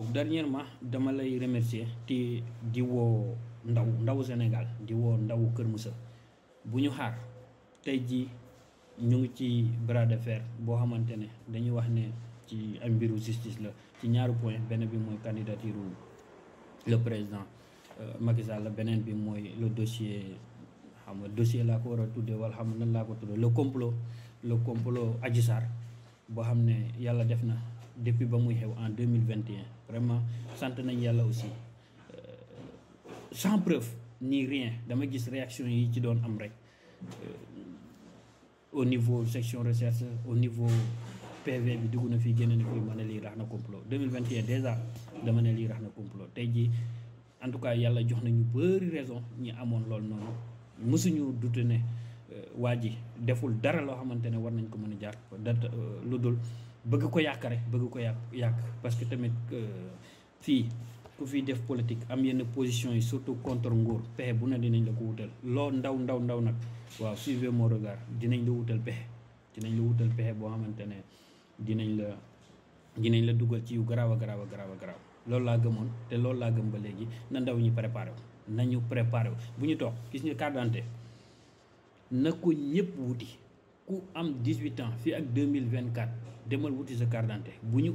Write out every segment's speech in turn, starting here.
dernièrement dama lay remercier ti di woo ndaw ndaw Sénégal di woo ndaw Kër Moussa bu ñu xaar tey jii ñu ngi ci bras de fer boo xamante ne dañuy wax ne ci ay mbiru justice la ci ñaari point benn bi mooy candidature le président euh, Macky la beneen bi mooy le dossier xam nga dossier laa ko war a tuddee wala xam nan laa ko tuddee le complot le complot Adji Sarr boo xam ne yàlla def na depuis ba muy xew en 2021 vraiment sant nañ yàlla aussi euh, sans preuve ni rien dama gis réaction yi ci doon am rek euh, au niveau section recherche au niveau PV bi dugg na fi génn na fi ma ne lii rax na complot 2021 déjà dama ne lii rax na complot tey jii en tout cas yàlla jox nañu bëri raison ñi amoon loolu noonu mësuñu dute euh, waa ji deful dara loo xamante ne war nañ ko mën a jaar da lu dul bëgg ko yàq rek bëgg ko yàq yàq parce que tamit euh, fii ku fi def politique am yenn position yi surtout contre nguur pexe bu ne dinañ la ko wutal loo ndaw ndaw ndaw nag waaw suiver morogar dinañ la wutal pexe dinañ la wutal pexe boo xamante ne dinañ la dinañ la dugal ci yu garaaw a garaaw a garaaw a garaaw loolu laa gëmoon te loolu laa gëm ba léegi na ndaw ñi préparé wu nañu préparé wu bu ñu toog gis nga carte d'identité na ko ñëpp wuti ou am 18 ans fi ak 2024 demal wuti sa carte d'identité ñu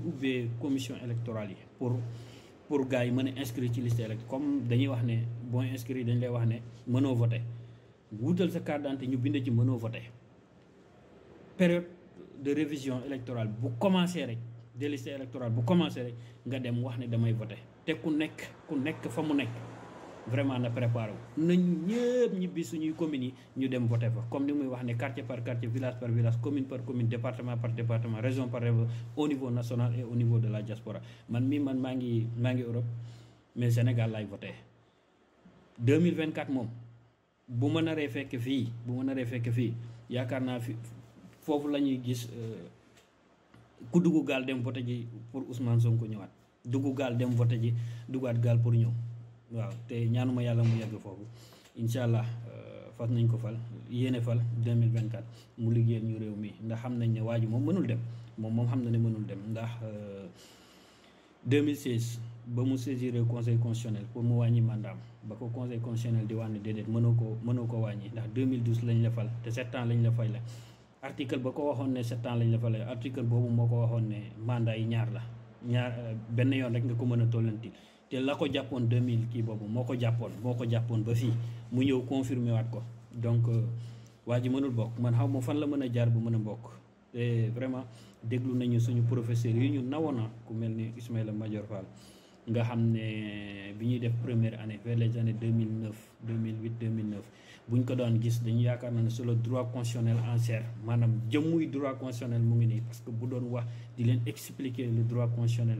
commission électorale yi pour pour gars yi inscrire ci liste électorale comme dañuy wax né bon inscrit dañ lay wax né mëno voter woutal sa carte d'identité ñu bind ci mëno voter période de révision électorale bu commencé rek de liste électorale bu commencé rek nga dem wax né damay voter te ku nekk ku nekk fa mu nekk vraiment na préparé wu nañ ñëpp ñibbi suñuy communes yi ñu dem voté fa comme ni muy wax quartier par quartier village par village commune par commune département par département région par région au niveau national et au niveau de la diaspora man mi man maa ngi Europe mais Sénégal lay voté 2024 mom, bu ma naree fekk bu ma naree fekk fii yaakaar fi foofu la ñuy gis euh, ku dugg dem voté ji pour Ousmane Sonko ñëwaat dugg dem voté ji dugaat gaal pour waaw te ñaanuma yàlla mu yegg foofu incha allah euh, fas nañ ko fal yéene fal deux mille 2024 mu liggéeyal ñu réew mi ndax xam nañ ne waa ji moom mënul dem moom moom xam na ne mënul dem ndax 2016 euh, ba mu saisir conseil constitutionnel pour mu wàññi mandaam ba ko conseil constitutionnel di wax ne déedéet mënoo ko mënoo ko wàññi ndax deux 2012 lañ la fal te 7 ans lañ la fay la article ba ko waxoon ne 7 ans lañ la fal la boobu moo ko waxoon ne mandat ñaar la ñaar euh, benn yoon rek nga ko mën a tollantil te la ko jàppoon 2000 ki bobu moko japon jàppoon moo ba fi mu ñëw confirmé wat ko donc euh, waji ji mënul bokk man xaw ma fan la mën jaar bu mën bok bokk vraiment déglu nañu suñu professeur yi ñu nawona ku melni ni Ismaïla Madior Fall nga xamné biñuy def première année vers les années 2009 2008 2009 buñ ko doon gis dañu yaakaar na sur le droit constitutionnel en chair maanaam jëmmuy droit constitutionnel mu ngi nii parce que bu doon wax di leen expliquer le droit constitutionnel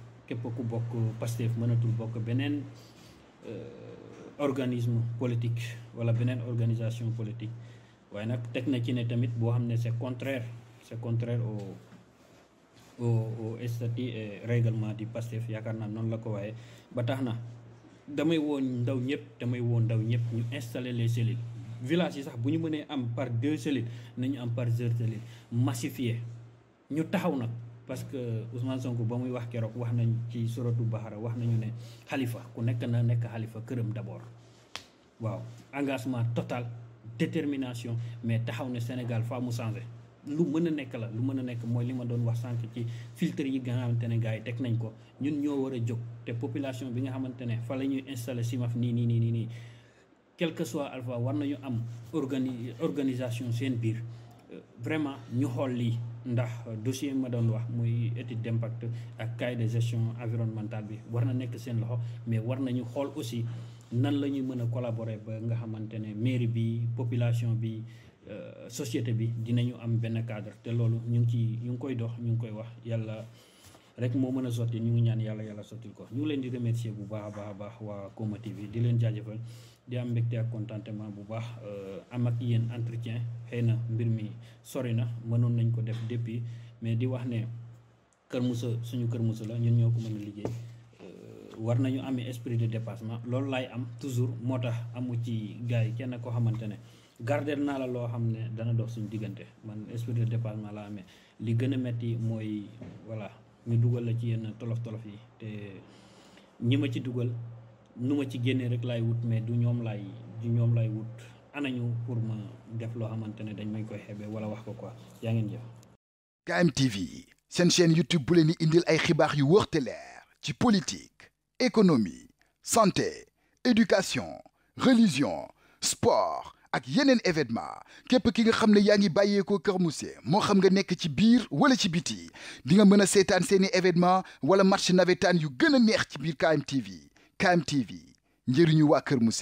képp ku bokk Pastef mënatul bokk beneen euh, organisme politique wala beneen organisation politique waaye nag teg na ci ne tamit boo xam ne c'est contraire c'est contraire au au au statut et règlement du yaakaar naa noonu la ko waaye ba tax na damay woon ndaw ñëpp damay woo ndaw ñëpp ñu installer les cellules village yi sax bu ñu mënee am par deux cellules nañu am par deux cellules massifié ñu taxaw nag parce que Ousmane Sonko ba muy wax keroog wax nañ ci suratu Bahara wax nañu ne xalifa ku nekk na nekk xalifa këram d'abord waaw engagement total détermination mais taxaw ne Sénégal faa mu changé lu mën a nekk la lu mën a nekk mooy li ma doon wax sànq ci filtre yi nga xamante ne yi teg nañ ko ñun ñoo war a jóg te population bi nga xamante ne fa la ñuy installé Cimaf nii nii nii nii quel que soit alpha war nañu am organi organisation seen biir euh, vraiment ñu ndax dossier ma doon wax muy étude d'impact ak cahier de gestion environnementale bi war na nekk seen loxo mais war nañu xool aussi nan la ñuy mën a collaborer ba nga xamante ne mairie bi population bi euh, société bi dinañu am benn cadre te loolu ñu ngi ci ñu ngi koy dox ñu ngi koy wax yàlla rek moo mën a ni ñu ngi ñaan yàlla yàlla ko ñu leen di remercier bu baax a baax a baax waa Koma TV di leen jaajëfal di am mbégte ak contentement bu baax euh, am ak yéen entretien xëy na mbir mi sori na mënoon nañ ko def depuis mais di wax ne kër Moussa suñu kër la ñun ñoo ko liggéey euh, war nañu esprit de dépassement loolu laay am toujours moo tax amu ci gars yi kenn koo xamante garder naa la ne dana dox suñu diggante man esprit de dépassement la amee li gën a metti mooy voilà ci KMTV YouTube politique économie santé éducation religion sport. ak yeneen événement képp ki nga xam ne yaa ngi bàyyeekoo Kër Mousse moo xam nga nekk ci biir wala ci biti di nga mën a seetaan seeni événement wala match navétane yu gën a neex ci biir KMTV KMTV njëriñu waa Kër Mousse